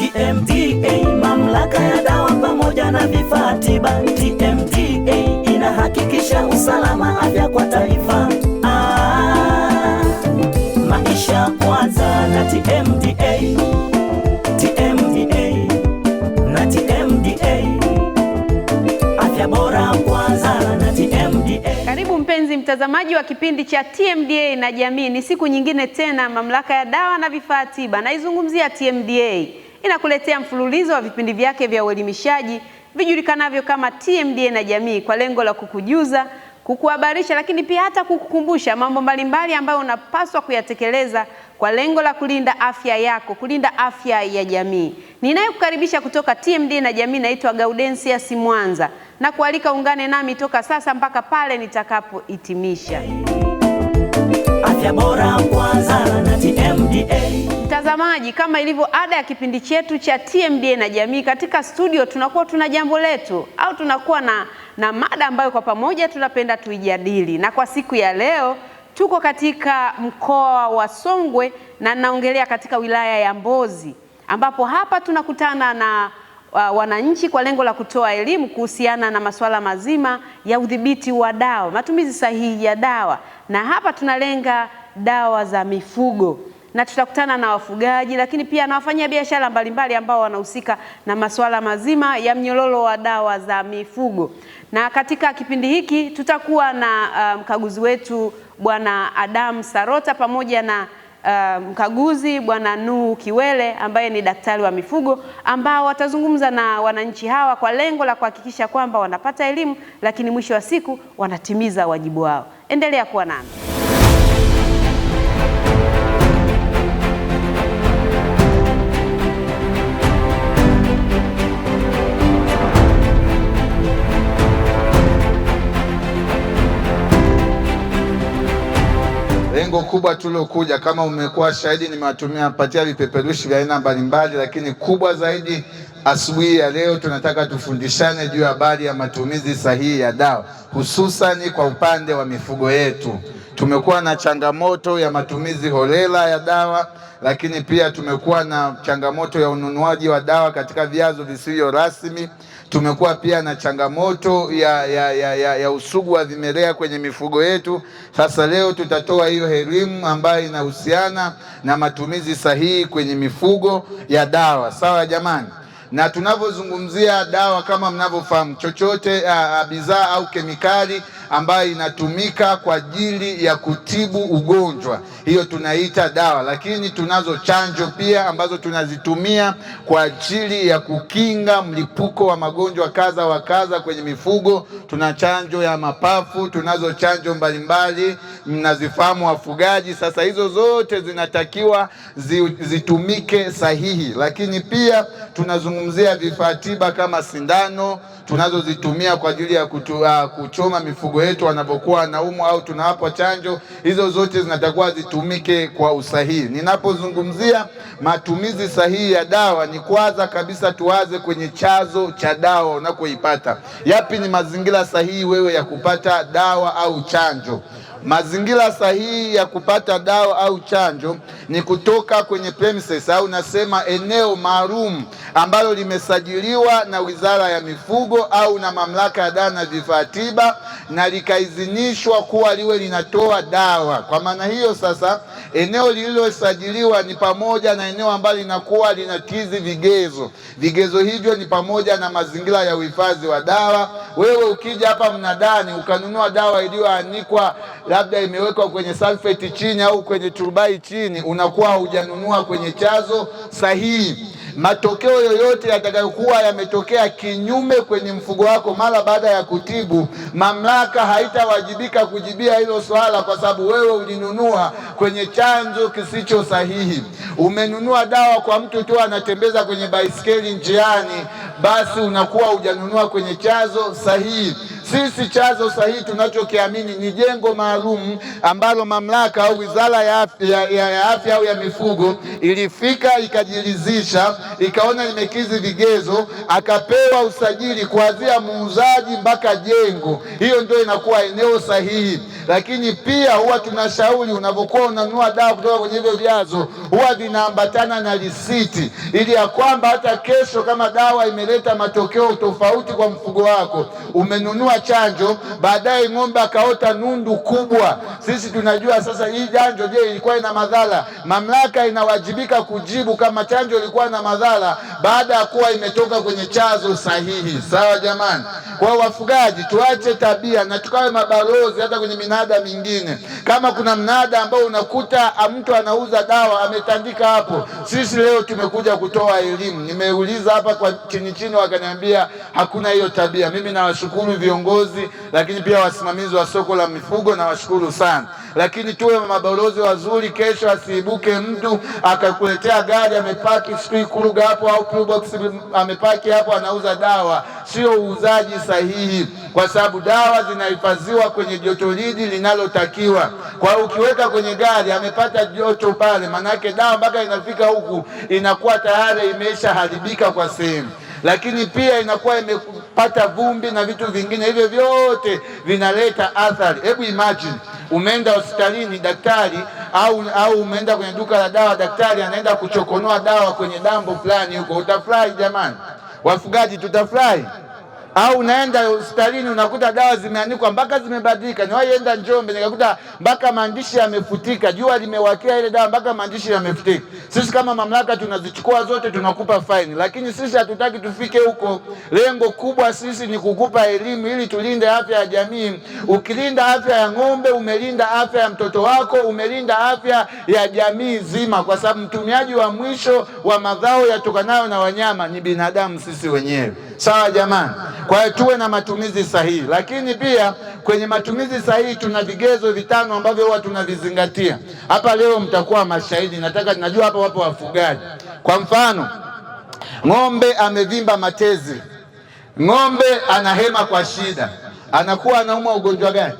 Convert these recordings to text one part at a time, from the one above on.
TMDA, mamlaka ya dawa pamoja na vifaa tiba. TMDA inahakikisha usalama afya kwa taifa. Ah, maisha kwanza na TMDA. TMDA na TMDA, afya bora kwanza na TMDA. Karibu mpenzi mtazamaji wa kipindi cha TMDA na jamii. Ni siku nyingine tena, mamlaka ya dawa na vifaa tiba naizungumzia TMDA inakuletea mfululizo wa vipindi vyake vya uelimishaji vijulikanavyo kama TMDA na Jamii kwa lengo la kukujuza, kukuhabarisha, lakini pia hata kukukumbusha mambo mbalimbali ambayo unapaswa kuyatekeleza kwa lengo la kulinda afya yako, kulinda afya ya jamii. Ninayekukaribisha kutoka TMDA na Jamii naitwa Gaudensia Simwanza na kualika ungane nami toka sasa mpaka pale nitakapohitimisha afya bora kwanza na TMDA. Mtazamaji, kama ilivyo ada ya kipindi chetu cha TMDA na jamii, katika studio tunakuwa tuna jambo letu au tunakuwa na, na mada ambayo kwa pamoja tunapenda tuijadili, na kwa siku ya leo tuko katika mkoa wa Songwe na naongelea katika wilaya ya Mbozi ambapo hapa tunakutana na uh, wananchi kwa lengo la kutoa elimu kuhusiana na masuala mazima ya udhibiti wa dawa, matumizi sahihi ya dawa, na hapa tunalenga dawa za mifugo na tutakutana na wafugaji lakini pia na wafanya biashara mbalimbali ambao wanahusika na masuala mazima ya mnyororo wa dawa za mifugo. Na katika kipindi hiki tutakuwa na uh, mkaguzi um, wetu Bwana Adam Sarota pamoja na mkaguzi um, mkaguzi Bwana Nuu Kiwele ambaye ni daktari wa mifugo ambao watazungumza na wananchi hawa kwa lengo la kuhakikisha kwamba wanapata elimu, lakini mwisho wa siku wanatimiza wajibu wao. Endelea kuwa nami. lengo kubwa tulokuja, kama umekuwa shahidi, nimewatumia patia vipeperushi vya aina mbalimbali, lakini kubwa zaidi asubuhi ya leo tunataka tufundishane juu ya habari ya matumizi sahihi ya dawa, hususani kwa upande wa mifugo yetu. Tumekuwa na changamoto ya matumizi holela ya dawa, lakini pia tumekuwa na changamoto ya ununuaji wa dawa katika vyanzo visivyo rasmi. Tumekuwa pia na changamoto ya, ya, ya, ya, ya usugu wa vimelea kwenye mifugo yetu. Sasa leo tutatoa hiyo elimu ambayo inahusiana na matumizi sahihi kwenye mifugo ya dawa. Sawa jamani? na tunavyozungumzia dawa kama mnavyofahamu, chochote bidhaa au kemikali ambayo inatumika kwa ajili ya kutibu ugonjwa, hiyo tunaita dawa. Lakini tunazo chanjo pia ambazo tunazitumia kwa ajili ya kukinga mlipuko wa magonjwa kadha wa kadha kwenye mifugo. Tuna chanjo ya mapafu, tunazo chanjo mbalimbali, mnazifahamu wafugaji. Sasa hizo zote zinatakiwa zi, zitumike sahihi, lakini pia tunazungumzia vifaa tiba kama sindano tunazozitumia kwa ajili ya kutu, uh, kuchoma mifugo wetu wanapokuwa naumwa au tunawapa chanjo, hizo zote zinatakiwa zitumike kwa usahihi. Ninapozungumzia matumizi sahihi ya dawa, ni kwanza kabisa tuwaze kwenye chazo cha dawa unakoipata. Yapi ni mazingira sahihi wewe ya kupata dawa au chanjo? Mazingira sahihi ya kupata dawa au chanjo ni kutoka kwenye premises au nasema eneo maalum ambalo limesajiliwa na Wizara ya Mifugo au na Mamlaka ya Dawa na Vifaa Tiba na likaidhinishwa kuwa liwe linatoa dawa. Kwa maana hiyo sasa, eneo lililosajiliwa ni pamoja na eneo ambalo linakuwa linakidhi vigezo. Vigezo hivyo ni pamoja na mazingira ya uhifadhi wa dawa wewe ukija hapa mnadani ukanunua dawa iliyoanikwa labda imewekwa kwenye sulfate chini au kwenye turubai chini, unakuwa hujanunua kwenye chazo sahihi matokeo yoyote yatakayokuwa yametokea kinyume kwenye mfugo wako mara baada ya kutibu, mamlaka haitawajibika kujibia hilo swala, kwa sababu wewe ulinunua kwenye chanzo kisicho sahihi. Umenunua dawa kwa mtu tu anatembeza kwenye baiskeli njiani, basi unakuwa hujanunua kwenye chanzo sahihi. Sisi chanzo sahihi tunachokiamini ni jengo maalum ambalo mamlaka au wizara ya afya au ya mifugo ilifika ikajiridhisha, ikaona limekizi vigezo, akapewa usajili kuanzia muuzaji mpaka jengo. Hiyo ndio inakuwa eneo sahihi. Lakini pia huwa tunashauri unavyokuwa unanunua dawa kutoka kwenye hivyo vyanzo, huwa vinaambatana na risiti, ili ya kwamba hata kesho kama dawa imeleta matokeo tofauti kwa mfugo wako umenunua chanjo, baadaye ng'ombe akaota nundu kubwa. Sisi tunajua sasa hii chanjo, je, ilikuwa ina madhara? Mamlaka inawajibika kujibu kama chanjo ilikuwa na madhara baada ya kuwa imetoka kwenye chazo sahihi. Sawa jamani, kwa wafugaji tuache tabia na tukawe mabalozi hata kwenye minada mingine. Kama kuna mnada ambao unakuta ah, mtu anauza dawa ametandika hapo, sisi leo tumekuja kutoa elimu. Nimeuliza hapa kwa chini chini, wakaniambia hakuna hiyo tabia. Mimi nawashukuru viongozi viongozi, lakini pia wasimamizi wa soko la mifugo, na washukuru sana. Lakini tuwe mabalozi wazuri, kesho asiibuke mtu akakuletea gari amepaki sijui Kuruga hapo au Probox amepaki hapo, anauza dawa. Sio uuzaji sahihi, kwa sababu dawa zinahifadhiwa kwenye jotolidi linalotakiwa. Kwa hiyo ukiweka kwenye gari amepata joto pale, manake dawa mpaka inafika huku inakuwa tayari imeshaharibika kwa sehemu lakini pia inakuwa imepata vumbi na vitu vingine, hivyo vyote vinaleta athari. Hebu imagine umeenda hospitalini daktari au, au umeenda kwenye duka la dawa, daktari anaenda kuchokonoa dawa kwenye dambo fulani huko, utafurahi jamani? Wafugaji tutafurahi? au unaenda hospitalini unakuta dawa zimeandikwa mpaka zimebadilika. niwaienda Njombe nikakuta mpaka maandishi yamefutika, jua limewakia ile dawa mpaka maandishi yamefutika. Sisi kama mamlaka tunazichukua zote, tunakupa faini, lakini sisi hatutaki tufike huko. Lengo kubwa sisi ni kukupa elimu ili tulinde afya ya jamii. Ukilinda afya ya ng'ombe, umelinda afya ya mtoto wako, umelinda afya ya jamii zima, kwa sababu mtumiaji wa mwisho wa madhao yatokanayo na wanyama ni binadamu sisi wenyewe sawa jamani. Kwa hiyo tuwe na matumizi sahihi, lakini pia kwenye matumizi sahihi tuna vigezo vitano ambavyo huwa tunavizingatia. Hapa leo mtakuwa mashahidi, nataka najua hapa wapo wafugaji. Kwa mfano, ng'ombe amevimba matezi, ng'ombe anahema kwa shida, anakuwa anaumwa ugonjwa gani?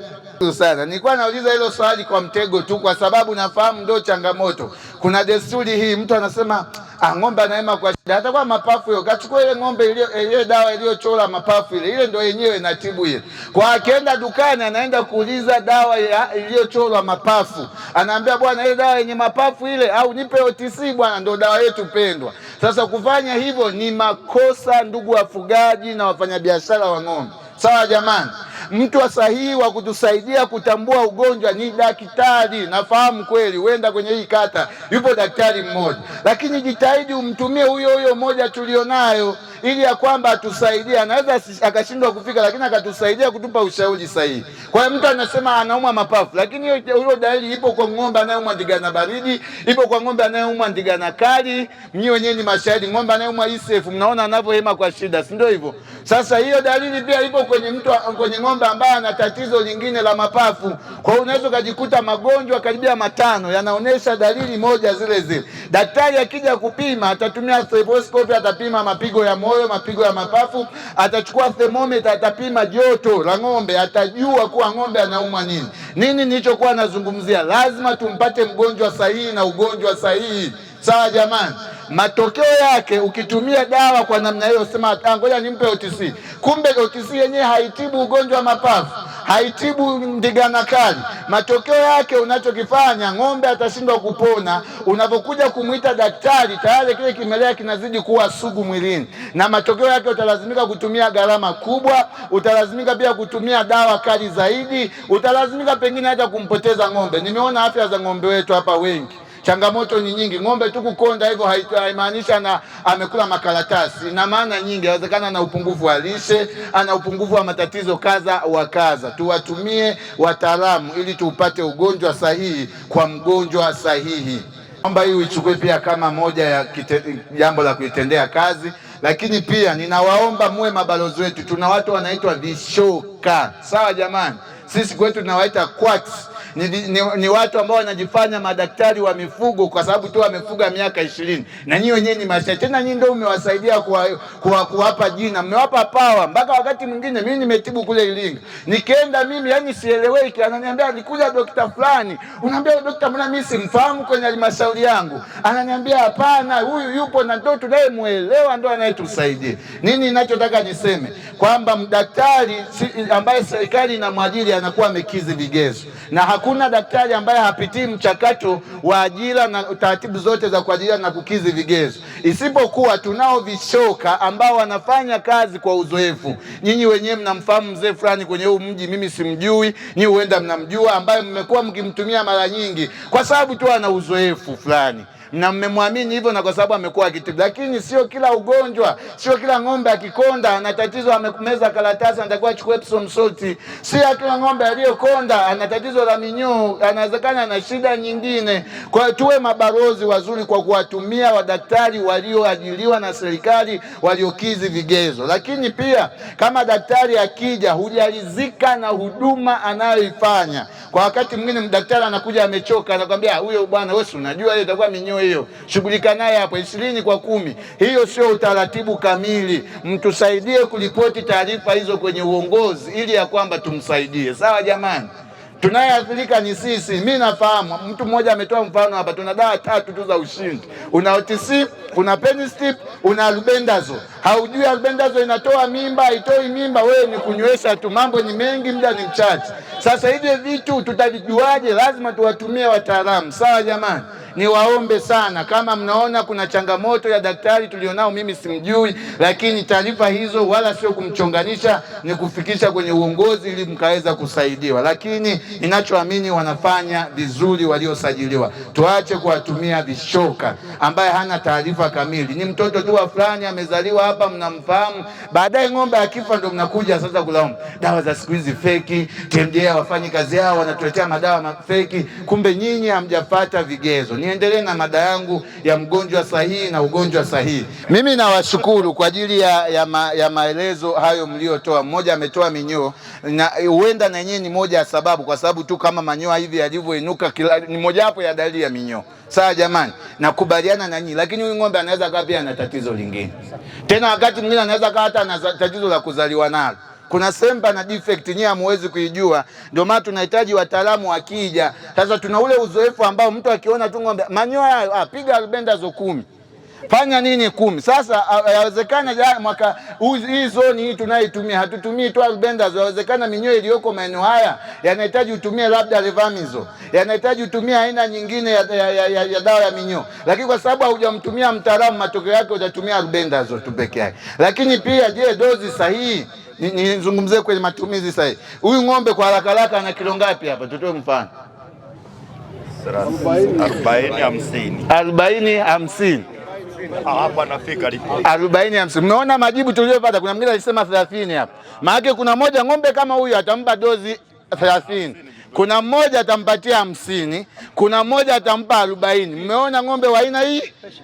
sana nilikuwa nauliza hilo swali kwa mtego tu, kwa sababu nafahamu ndio changamoto. Kuna desturi hii, mtu anasema Ah, ng'ombe anaema kwa shida, hata kwa mapafu hiyo. Kachukua ile ng'ombe ile ile dawa iliyochora mapafu ile ile, ndio yenyewe inatibu ile. Kwa akienda dukani, anaenda kuuliza dawa iliyochorwa mapafu, anaambia bwana, ile dawa yenye mapafu ile, au nipe OTC bwana, ndio dawa yetu pendwa. Sasa kufanya hivyo ni makosa, ndugu wafugaji na wafanyabiashara wa ng'ombe. Sawa jamani mtu sahihi wa kutusaidia kutambua ugonjwa ni daktari. Nafahamu kweli, huenda kwenye hii kata yupo daktari mmoja, lakini jitahidi umtumie huyo huyo mmoja tulionayo, ili ya kwamba atusaidie. Anaweza akashindwa kufika, lakini akatusaidia kutupa ushauri sahihi. Kwa mtu anasema anaumwa mapafu, lakini hiyo dalili ipo kwa ng'ombe anayeumwa ndigana baridi, ipo kwa ng'ombe anayeumwa ndigana kali. Mnyi wenyewe ni mashahidi, ng'ombe anayeumwa isefu, mnaona anavyohema kwa shida, si ndio hivyo? Sasa hiyo dalili pia ipo kwenye mtu kwenye ng'ombe mamba ambaye ana tatizo lingine la mapafu. Kwa hiyo unaweza ukajikuta magonjwa karibia matano yanaonyesha dalili moja zile zile. Daktari akija kupima atatumia stethoscope, atapima mapigo ya moyo, mapigo ya mapafu, atachukua thermometer, atapima joto la ng'ombe, atajua kuwa ng'ombe anaumwa nini. Nini nilichokuwa nazungumzia, lazima tumpate mgonjwa sahihi na ugonjwa sahihi. Sawa jamani. Matokeo yake ukitumia dawa kwa namna hiyo, sema ngoja nimpe OTC, kumbe OTC yenyewe haitibu ugonjwa wa mapafu, haitibu ndigana kali. Matokeo yake unachokifanya, ng'ombe atashindwa kupona. Unapokuja kumwita daktari, tayari kile kimelea kinazidi kuwa sugu mwilini, na matokeo yake utalazimika kutumia gharama kubwa, utalazimika pia kutumia dawa kali zaidi, utalazimika pengine hata kumpoteza ng'ombe. Nimeona afya za ng'ombe wetu hapa wengi Changamoto ni nyingi. Ng'ombe tu kukonda hivyo haimaanishi ana amekula makaratasi, na maana nyingi. Inawezekana ana upungufu wa lishe, ana upungufu wa matatizo kadha wa kadha. Tuwatumie wataalamu ili tuupate ugonjwa sahihi kwa mgonjwa sahihi. Naomba hii uichukue pia kama moja ya jambo la kuitendea kazi, lakini pia ninawaomba muwe mabalozi wetu. Tuna watu wanaitwa vishoka, sawa jamani? Sisi kwetu tunawaita quacks ni, ni, ni watu ambao wanajifanya madaktari wa mifugo kwa sababu tu wamefuga miaka ishirini, na nyinyi wenyewe ni mashaitani. Tena nyinyi ndio mmewasaidia kuwapa jina, mmewapa pawa. Mpaka wakati mwingine mimi nimetibu kule Iringa, nikienda mimi yani sieleweki, ananiambia alikuja dokta fulani, unaambia dokta, mbona mimi simfahamu kwenye halmashauri yangu? Ananiambia hapana, huyu yupo na ndio tunayemwelewa, ndio anayetusaidia. Nini ninachotaka niseme kwamba mdaktari ambaye serikali inamwajiri anakuwa amekizi vigezo na hakuna daktari ambaye hapitii mchakato wa ajira na taratibu zote za kuajiriwa na kukizi vigezo, isipokuwa tunao vishoka ambao wanafanya kazi kwa uzoefu. Nyinyi wenyewe mnamfahamu mzee fulani kwenye huu mji, mimi simjui, nyinyi huenda mnamjua, ambaye mmekuwa mkimtumia mara nyingi, kwa sababu tu ana uzoefu fulani na mmemwamini hivyo, na kwa sababu amekuwa akitibu. Lakini sio kila ugonjwa, sio kila ng'ombe akikonda ana tatizo amemeza karatasi anatakiwa achukue Epsom salt. Sio kila ng'ombe aliyokonda ana tatizo la minyoo, anawezekana ana shida nyingine. Kwa hiyo tuwe mabalozi wazuri kwa kuwatumia wadaktari walioajiliwa na serikali waliokizi vigezo. Lakini pia kama daktari akija hujalizika na huduma anayoifanya, kwa wakati mwingine daktari anakuja amechoka, anakwambia huyo bwana, wewe unajua itakuwa minyoo hiyo, shughulika naye hapo, ishirini kwa kumi. Hiyo sio utaratibu kamili. Mtusaidie kuripoti taarifa hizo kwenye uongozi, ili ya kwamba tumsaidie. Sawa jamani, tunayeathirika ni sisi. Mi nafahamu mtu mmoja ametoa mfano hapa, tuna dawa tatu tu za ushindi, una OTC, una penistip, una albendazo. Haujui albendazo inatoa mimba, haitoi mimba, wewe ni kunywesha tu. Mambo ni mengi, muda ni mchache. Sasa hivi vitu tutavijuaje? Lazima tuwatumie wataalamu. Sawa jamani niwaombe sana, kama mnaona kuna changamoto ya daktari tulionao, mimi simjui, lakini taarifa hizo wala sio kumchonganisha, ni kufikisha kwenye uongozi ili mkaweza kusaidiwa. Lakini ninachoamini wanafanya vizuri waliosajiliwa, tuache kuwatumia vishoka. Ambaye hana taarifa kamili ni mtoto tu wa fulani, amezaliwa hapa, mnamfahamu, baadaye ng'ombe akifa ndo mnakuja sasa kulaumu dawa za siku hizi feki, TMDA wafanyi kazi yao, wanatuletea madawa feki kumbe nyinyi hamjapata vigezo niendelee na mada yangu ya mgonjwa sahihi na ugonjwa sahihi. Mimi nawashukuru kwa ajili ya, ya, ma, ya maelezo hayo mliotoa. Mmoja ametoa minyoo, na huenda na yenyewe ni moja ya sababu, kwa sababu tu kama manyoa hivi yalivyoinuka ni mojawapo ya dalili ya minyoo. Sawa jamani, nakubaliana na nyinyi, lakini huyu ng'ombe anaweza kaa pia ana tatizo lingine tena, wakati mwingine anaweza kaa hata ana tatizo la kuzaliwa nalo kuna semba na defect nyewe hamuwezi kuijua. Ndio maana tunahitaji wataalamu wakija. Sasa tuna ule uzoefu ambao mtu akiona tu ng'ombe manyoya hayo, ah, piga albendazo kumi fanya nini kumi. Sasa ah, yawezekana mwaka hii zoni hii tunayoitumia hatutumii tu albendazole, yawezekana minyoo iliyoko maeneo haya yanahitaji utumie labda levamizo, yanahitaji utumie aina nyingine ya, ya, ya, ya, ya dawa ya minyoo, lakini kwa sababu haujamtumia mtaalamu, matokeo yake utatumia albendazole tu peke yake. Lakini pia je, dozi sahihi nizungumzie kwenye matumizi sahihi. Huyu ng'ombe kwa haraka haraka ana kilo ngapi hapa? Tutoe mfano arobaini hamsini arobaini ah, majibu tuliyopata. Kuna mwingine alisema thelathini hapa, Maana kuna moja ng'ombe kama huyu atampa dozi thelathini kuna mmoja atampatia hamsini, kuna mmoja atampa arobaini. Mmeona ng'ombe wa aina hii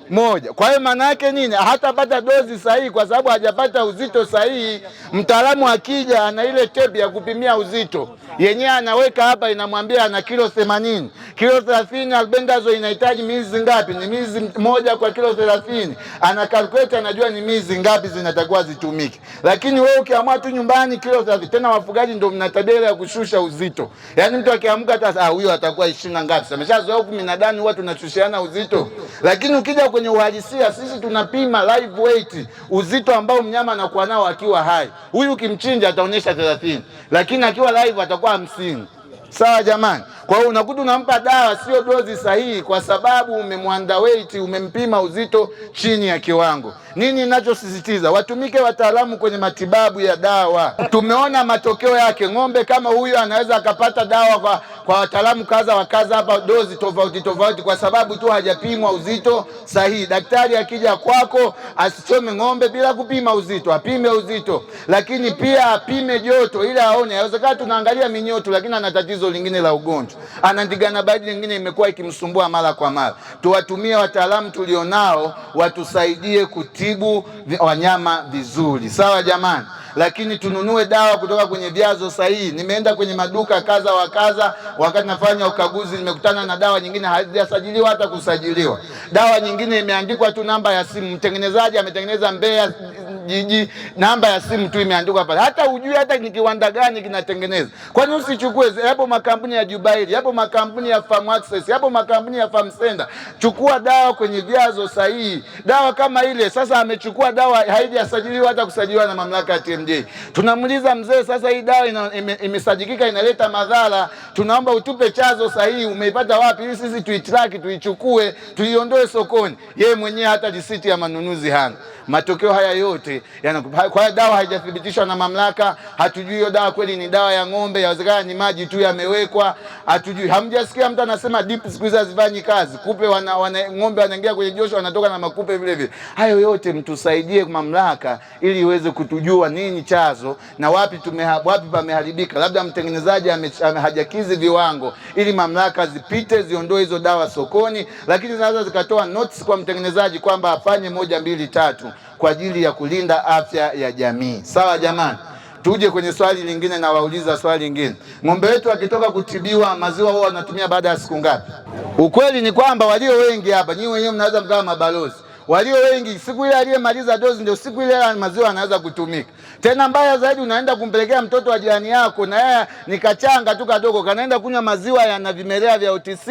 moja. Kwa hiyo maana yake nini? Hatapata dozi sahihi, kwa sababu hajapata uzito sahihi. Mtaalamu akija ana ile tepi ya kupimia uzito yenyewe anaweka hapa, inamwambia ana kilo themanini, kilo thelathini, albendazo inahitaji mizi ngapi? Ni mizi moja kwa kilo thelathini. Ana calculate, anajua ni mizi ngapi zinatakiwa zitumike. Lakini wewe ukiamua tu nyumbani kilo thelathini, tena wafugaji ndio mna tabia ya kushusha uzito yani mtu akiamka hata huyo atakuwa ishirini na ngapi, ameshazoea huku minadani huwa tunachushiana uzito, lakini ukija kwenye uhalisia sisi tunapima live weight, uzito ambao mnyama anakuwa nao akiwa hai. Huyu ukimchinja ataonyesha thelathini, lakini akiwa live atakuwa hamsini. Sawa jamani. Kwa hiyo unakuta unampa dawa sio dozi sahihi, kwa sababu umemwanda weight, umempima uzito chini ya kiwango. Nini ninachosisitiza, watumike wataalamu kwenye matibabu ya dawa. Tumeona matokeo yake, ng'ombe kama huyo anaweza akapata dawa kwa, kwa wataalamu kadha wa kadha hapa, dozi tofauti tofauti, kwa sababu tu hajapimwa uzito sahihi. Daktari akija kwako asichome ng'ombe bila kupima uzito, apime uzito, lakini pia apime joto ili aone. Inawezekana tunaangalia minyoto, lakini ana tatizo lingine la ugonjwa ana ndigana nyingine imekuwa ikimsumbua mara kwa mara. Tuwatumie wataalamu tulionao watusaidie kutibu wanyama vizuri, sawa jamani, lakini tununue dawa kutoka kwenye vyanzo sahihi. Nimeenda kwenye maduka kadha wa kadha, wakati nafanya ukaguzi, nimekutana na dawa nyingine hazijasajiliwa hata kusajiliwa. Dawa nyingine imeandikwa tu namba ya simu, mtengenezaji ametengeneza Mbeya jiji, namba ya simu tu imeandikwa pale, hata ujui hata ni kiwanda gani kinatengeneza. Kwa nini usichukue, yapo makampuni ya Jubairi, yapo makampuni ya Farm Access, yapo makampuni ya Farm Center. Chukua dawa kwenye vyazo sahihi. Dawa kama ile sasa, amechukua dawa haijasajiliwa hata kusajiliwa na mamlaka ya TMJ. Tunamuuliza mzee, sasa hii dawa imesajikika inaleta madhara, tunaomba utupe chazo sahihi, umeipata wapi ili sisi tuitrack tuichukue, tuiondoe sokoni. Yeye mwenyewe hata risiti ya manunuzi hana. Matokeo haya yote yanakupa. Kwa hiyo dawa haijathibitishwa na mamlaka, hatujui hiyo dawa kweli ni dawa ya ng'ombe, yawezekana ni maji tu yamewekwa, hatujui. Hamjasikia mtu anasema deep squeeze hazifanyi kazi, kupe wana, wana, ng'ombe wanaingia kwenye josho wanatoka na makupe vile vile. Hayo yote mtusaidie mamlaka, ili iweze kutujua nini chazo na wapi tume, wapi pameharibika, labda mtengenezaji hajakizi viwango, ili mamlaka zipite ziondoe hizo dawa sokoni, lakini zinaweza zikatoa notes kwa mtengenezaji kwamba afanye moja mbili tatu kwa ajili ya kulinda afya ya jamii. Sawa jamani, tuje kwenye swali lingine, na wauliza swali lingine, ng'ombe wetu akitoka kutibiwa maziwa huwa wanatumia baada ya siku ngapi? Ukweli ni kwamba walio wengi hapa, nyinyi wenyewe mnaweza mkawa mabalozi, walio wengi siku ile aliyemaliza dozi ndio siku ile maziwa anaweza kutumika. Tena mbaya zaidi, unaenda kumpelekea mtoto wa jirani yako na yeye ni kachanga tu kadogo, kanaenda kunywa maziwa yana vimelea vya OTC,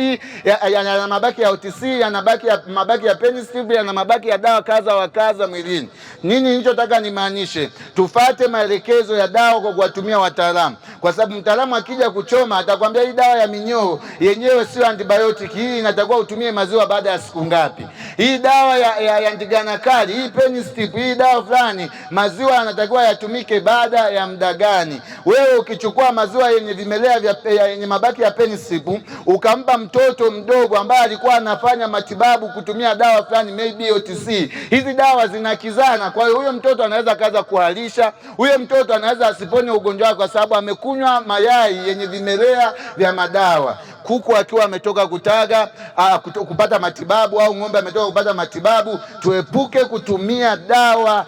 yana ya, ya mabaki ya OTC, yana mabaki ya, mabaki ya penicillin, yana mabaki ya dawa kaza wa kaza mwilini. Nini nilichotaka nimaanishe, tufate maelekezo ya dawa kwa kuwatumia wataalamu, kwa sababu mtaalamu akija kuchoma atakwambia hii dawa ya minyoo yenyewe sio antibiotic, hii inatakiwa utumie maziwa baada ya siku ngapi, hii dawa ya, ya, ya ndigana kali, hii penicillin, hii dawa fulani, maziwa yanatakiwa ya yatumike baada ya muda gani? Wewe ukichukua maziwa yenye vimelea vya yenye mabaki ya penisipu ukampa mtoto mdogo ambaye alikuwa anafanya matibabu kutumia dawa fulani maybe OTC, hizi dawa zinakizana. Kwa hiyo huyo mtoto anaweza kaza kuharisha, huyo mtoto anaweza asipone ugonjwa wake, kwa sababu amekunywa mayai yenye vimelea vya madawa kuku akiwa ametoka kutaga a, kuto, kupata matibabu au ng'ombe ametoka kupata matibabu, tuepuke kutumia dawa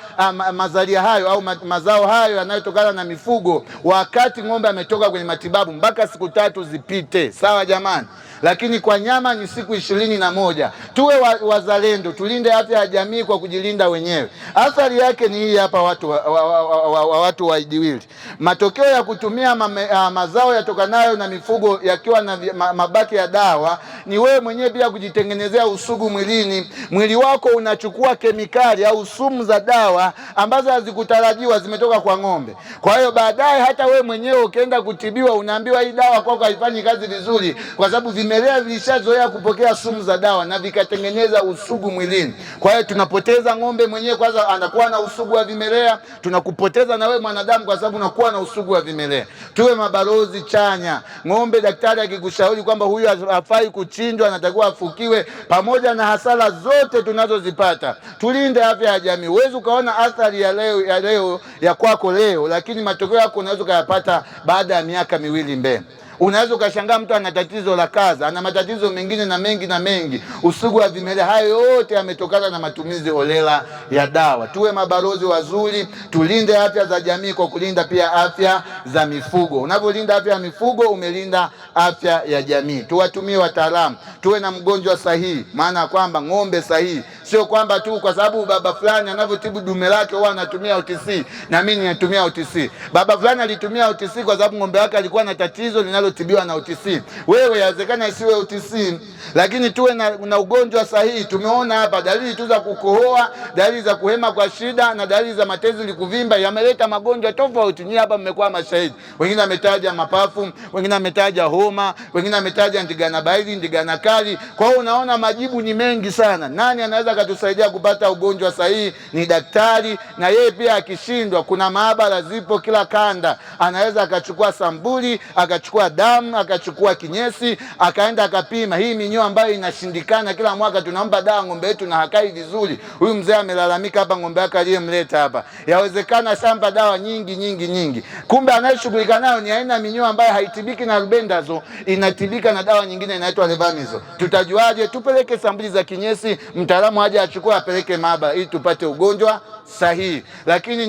mazalia hayo au mazao hayo yanayotokana na mifugo wakati ng'ombe ametoka kwenye matibabu mpaka siku tatu zipite. Sawa jamani lakini kwa nyama ni siku ishirini na moja. Tuwe wazalendo wa tulinde afya ya jamii kwa kujilinda wenyewe. Athari yake ni hii hapa, watu wa, wa, wa, wa, wa, wa, watu waidiwili. Matokeo ya kutumia mame, uh, mazao yatokanayo na mifugo yakiwa na ma, mabaki ya dawa ni wewe mwenyewe pia kujitengenezea usugu mwilini. Mwili wako unachukua kemikali au sumu za dawa ambazo hazikutarajiwa zimetoka kwa ng'ombe. Kwa hiyo baadaye hata wewe mwenyewe ukienda kutibiwa unaambiwa hii dawa kwako haifanyi kazi vizuri kwa sababu vimelea vilishazoea kupokea sumu za dawa na vikatengeneza usugu mwilini. Kwa hiyo tunapoteza ng'ombe mwenyewe, kwanza anakuwa na usugu wa vimelea, tunakupoteza na wewe mwanadamu, kwa sababu unakuwa na usugu wa vimelea. Tuwe mabalozi chanya. Ng'ombe daktari akikushauri kwamba huyu hafai kuchinjwa, anatakiwa afukiwe, pamoja na hasara zote tunazozipata, tulinde afya ya jamii. Huwezi ukaona athari ya leo ya leo ya kwako leo, lakini matokeo yako unaweza ukayapata baada ya miaka miwili mbele. Unaweza ukashangaa mtu ana tatizo la kaza, ana matatizo mengine na mengi na mengi. Usugu wa vimelea, hayo yote yametokana na matumizi holela ya dawa. Tuwe mabalozi wazuri, tulinde afya za jamii kwa kulinda pia afya za mifugo. Unavyolinda afya ya mifugo, umelinda afya ya jamii. Tuwatumie wataalamu, tuwe na mgonjwa sahihi, maana ya kwamba ng'ombe sahihi Sio kwamba tu kwa sababu baba fulani anavyotibu dume lake huwa anatumia OTC na mimi ninatumia OTC. Baba fulani alitumia OTC kwa sababu ng'ombe wake alikuwa na tatizo linalotibiwa na OTC. Wewe yawezekana siwe OTC, lakini tuwe na, na ugonjwa sahihi. Tumeona hapa dalili tu za kukohoa, dalili za kuhema kwa shida na dalili za matezi likuvimba yameleta magonjwa tofauti. Nyinyi hapa mmekuwa mashahidi. Wengine ametaja mapafu, wengine ametaja homa, wengine ametaja ndigana baridi, ndigana kali. Kwa hiyo unaona majibu ni mengi sana. Nani anaweza atakatusaidia kupata ugonjwa sahihi ni daktari. Na yeye pia akishindwa, kuna maabara zipo kila kanda, anaweza akachukua sambuli, akachukua damu, akachukua kinyesi, akaenda akapima hii minyoo ambayo inashindikana. Kila mwaka Tunaomba dawa ng'ombe wetu na hakai vizuri. Huyu mzee amelalamika hapa, ng'ombe wake aliyemleta hapa, yawezekana shamba dawa nyingi nyingi nyingi, kumbe anayeshughulika nayo ni aina minyoo ambayo haitibiki na rubendazo, inatibika na dawa nyingine inaitwa levamizo. Tutajuaje? Tupeleke sambuli za kinyesi mtaalamu aje achukue apeleke maabara ili tupate ugonjwa sahihi. Lakini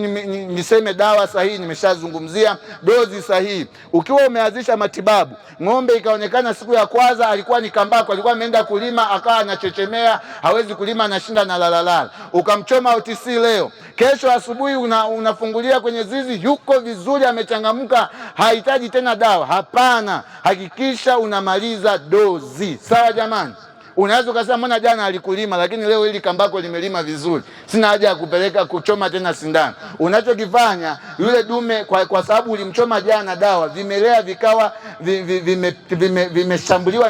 niseme dawa sahihi, nimeshazungumzia dozi sahihi. Ukiwa umeanzisha matibabu, ng'ombe ikaonekana siku ya kwanza alikuwa ni kambako, alikuwa ameenda kulima akawa anachechemea, hawezi kulima, anashinda na lalalala, ukamchoma OTC leo, kesho asubuhi una, unafungulia kwenye zizi, yuko vizuri, amechangamka, hahitaji tena dawa. Hapana, hakikisha unamaliza dozi. Sawa jamani. Unaweza ukasema mbona jana alikulima, lakini leo hili kambako limelima vizuri, sina haja ya kupeleka kuchoma tena sindano. Unachokifanya yule dume, kwa, kwa sababu ulimchoma jana dawa, vimelea vikawa vimeshambuliwa vime,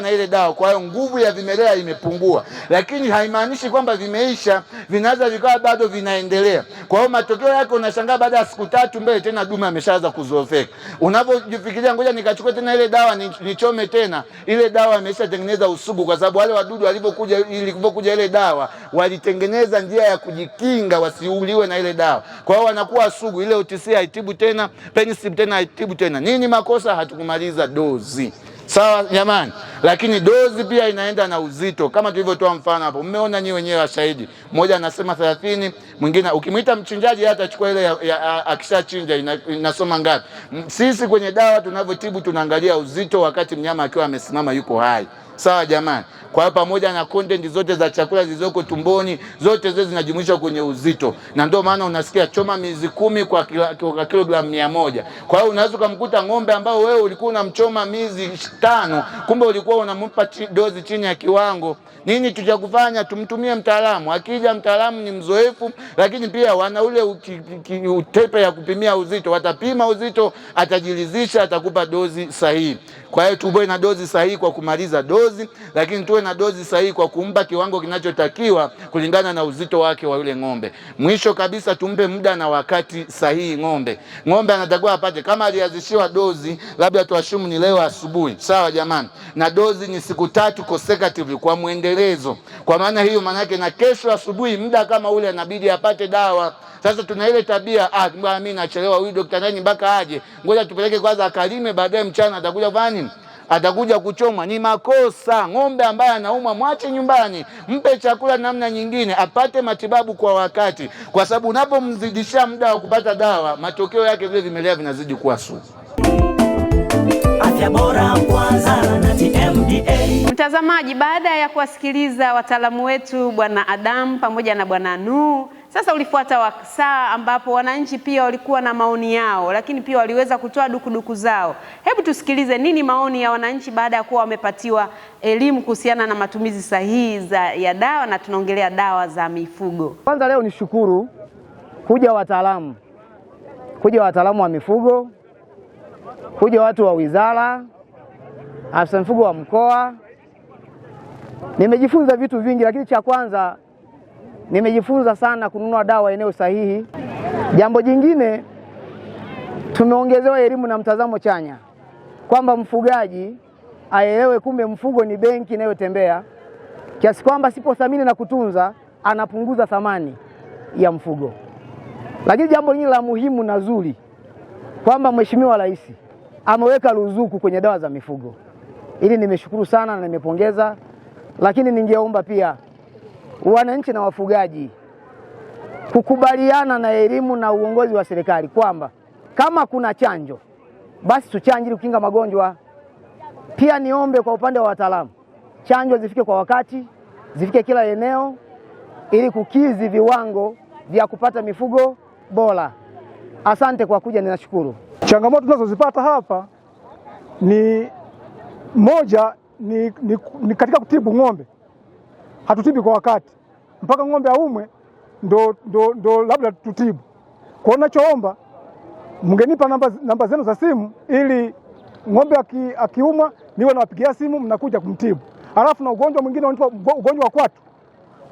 vime vime na ile dawa, kwa hiyo nguvu ya vimelea imepungua, lakini haimaanishi kwamba vimeisha. Vinaweza vikawa bado vinaendelea, kwa hiyo matokeo yake unashangaa baada ya siku tatu mbele tena dume ameshaanza kuzoofeka. Unavyojifikiria ngoja nikachukua tena ile dawa nichome tena, ile dawa imeshatengeneza usugu, kwa sababu wale wadudu Daudi walipokuja, ilipokuja ile dawa walitengeneza njia ya kujikinga wasiuliwe na ile dawa. Kwa hiyo wanakuwa sugu, ile OTC haitibu tena, penicillin tena haitibu tena. Nini makosa? Hatukumaliza dozi. Sawa jamani lakini dozi pia inaenda na uzito, kama tulivyotoa mfano hapo. Mmeona nyi wenyewe washahidi, mmoja anasema 30, mwingine ukimwita mchinjaji hata achukua ile akishachinja inasoma ngapi. Sisi kwenye dawa tunavyotibu tunaangalia uzito wakati mnyama akiwa amesimama yuko hai. Sawa jamani, kwa hiyo pamoja na content zote za chakula zilizoko tumboni zote zile zinajumuishwa kwenye uzito, na ndio maana unasikia choma miezi kumi kwa kilogramu mia moja. Kwa hiyo unaweza ukamkuta ng'ombe ambao wewe ulikuwa unamchoma miezi tano, kumbe ulikuwa utakuwa unampa dozi chini ya kiwango. Nini tuchakufanya? Tumtumie mtaalamu. Akija mtaalamu ni mzoefu, lakini pia wana ule utepe ya kupimia uzito, watapima uzito, atajilizisha, atakupa dozi sahihi. Kwa hiyo tuwe na dozi sahihi kwa kumaliza dozi, lakini tuwe na dozi sahihi kwa kumpa kiwango kinachotakiwa kulingana na uzito wake wa yule ng'ombe. Mwisho kabisa, tumpe muda na wakati sahihi ng'ombe. Ng'ombe anatakiwa apate, kama aliazishiwa dozi, labda tuashumu ni leo asubuhi, sawa jamani, na dozi dozi ni siku tatu consecutive kwa mwendelezo. Kwa maana hiyo, maanake na kesho asubuhi muda kama ule anabidi apate dawa. Sasa tuna ile tabia ah, bwana mimi nachelewa, huyu daktari nani mpaka aje, ngoja tupeleke kwanza akalime, baadaye mchana atakuja kufanya nini? Atakuja kuchomwa. Ni makosa. Ng'ombe ambaye anaumwa mwache nyumbani, mpe chakula namna nyingine, apate matibabu kwa wakati, kwa sababu unapomzidishia muda wa kupata dawa, matokeo yake vile vimelea vinazidi kuwa sugu. Afya Bora Kwanza na TMDA. Mtazamaji, baada ya kuwasikiliza wataalamu wetu Bwana Adamu pamoja na Bwana nu sasa ulifuata wasaa ambapo wananchi pia walikuwa na maoni yao, lakini pia waliweza kutoa dukuduku zao. Hebu tusikilize nini maoni ya wananchi baada ya kuwa wamepatiwa elimu kuhusiana na matumizi sahihi za ya dawa, na tunaongelea dawa za mifugo. Kwanza leo ni shukuru kuja wataalamu kuja wataalamu wa mifugo kuja watu wa wizara, afisa mfugo wa mkoa. Nimejifunza vitu vingi, lakini cha kwanza nimejifunza sana kununua dawa eneo sahihi. Jambo jingine tumeongezewa elimu na mtazamo chanya kwamba mfugaji aelewe, kumbe mfugo ni benki inayotembea, kiasi kwamba sipothamini na kutunza anapunguza thamani ya mfugo. Lakini jambo lingine la muhimu na zuri kwamba Mheshimiwa Rais ameweka ruzuku kwenye dawa za mifugo. Ili nimeshukuru sana na nimepongeza, lakini ningeomba pia wananchi na wafugaji kukubaliana na elimu na uongozi wa serikali kwamba kama kuna chanjo basi tuchanje ili kukinga magonjwa. Pia niombe kwa upande wa wataalamu, chanjo zifike kwa wakati, zifike kila eneo ili kukidhi viwango vya kupata mifugo bora. Asante kwa kuja, ninashukuru. Changamoto tunazozipata hapa ni moja ni, ni, ni katika kutibu ng'ombe, hatutibi kwa wakati, mpaka ng'ombe aumwe ndo, ndo, ndo labda tutibu. Kwa hiyo nachoomba mngenipa namba, namba zenu za simu ili ng'ombe akiumwa aki niwe nawapigia simu, mnakuja kumtibu. Halafu na ugonjwa mwingine unaitwa ugonjwa wa kwatu,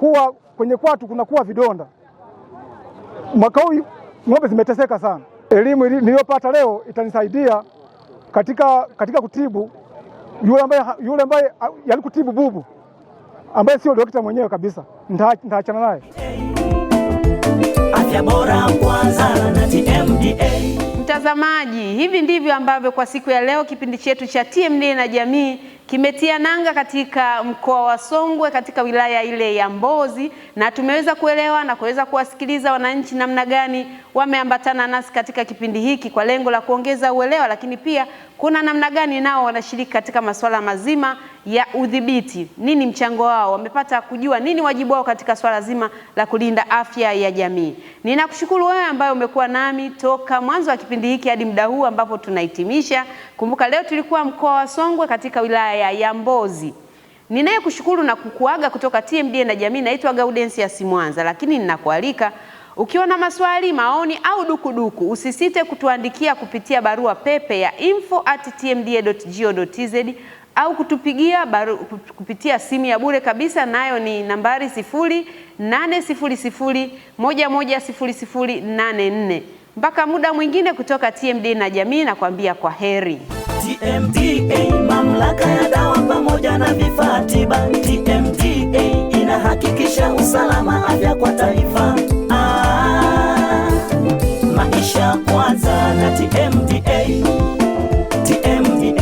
huwa kwenye kwatu kunakuwa vidonda. Mwaka huu ng'ombe zimeteseka sana. Elimu niliyopata leo itanisaidia katika, katika kutibu yule ambaye yule ambaye yalikutibu bubu ambaye sio dokta mwenyewe kabisa, nitaachana naye. Afya bora kwanza na TMDA. Mtazamaji, hivi ndivyo ambavyo kwa siku ya leo kipindi chetu cha TMDA na jamii kimetia nanga katika mkoa wa Songwe katika wilaya ile ya Mbozi, na tumeweza kuelewa na kuweza kuwasikiliza wananchi namna gani wameambatana nasi katika kipindi hiki kwa lengo la kuongeza uelewa, lakini pia kuna namna gani nao wanashiriki katika masuala mazima ya udhibiti. Nini mchango wao? Wamepata kujua nini wajibu wao katika swala zima la kulinda afya ya jamii. Ninakushukuru wewe ambaye umekuwa nami toka mwanzo wa kipindi hiki hadi muda huu ambapo tunahitimisha. Kumbuka leo tulikuwa mkoa wa Songwe katika wilaya wilaya ya Mbozi. Ninayekushukuru na kukuaga kutoka TMDA na jamii, naitwa Gaudensia Simwanza, lakini ninakualika ukiwa na maswali, maoni au dukuduku, usisite kutuandikia kupitia barua pepe ya info@tmda.go.tz au kutupigia baru, kupitia simu ya bure kabisa, nayo ni nambari 0800110084. Mpaka muda mwingine, kutoka tmd na jamii, nakwambia kwa heri. tmd eh, mamlaka ya dawa pamoja na vifaa tiba. tmd eh, inahakikisha usalama, afya kwa taifa. Ah, maisha kwanza na tmd eh. TMD.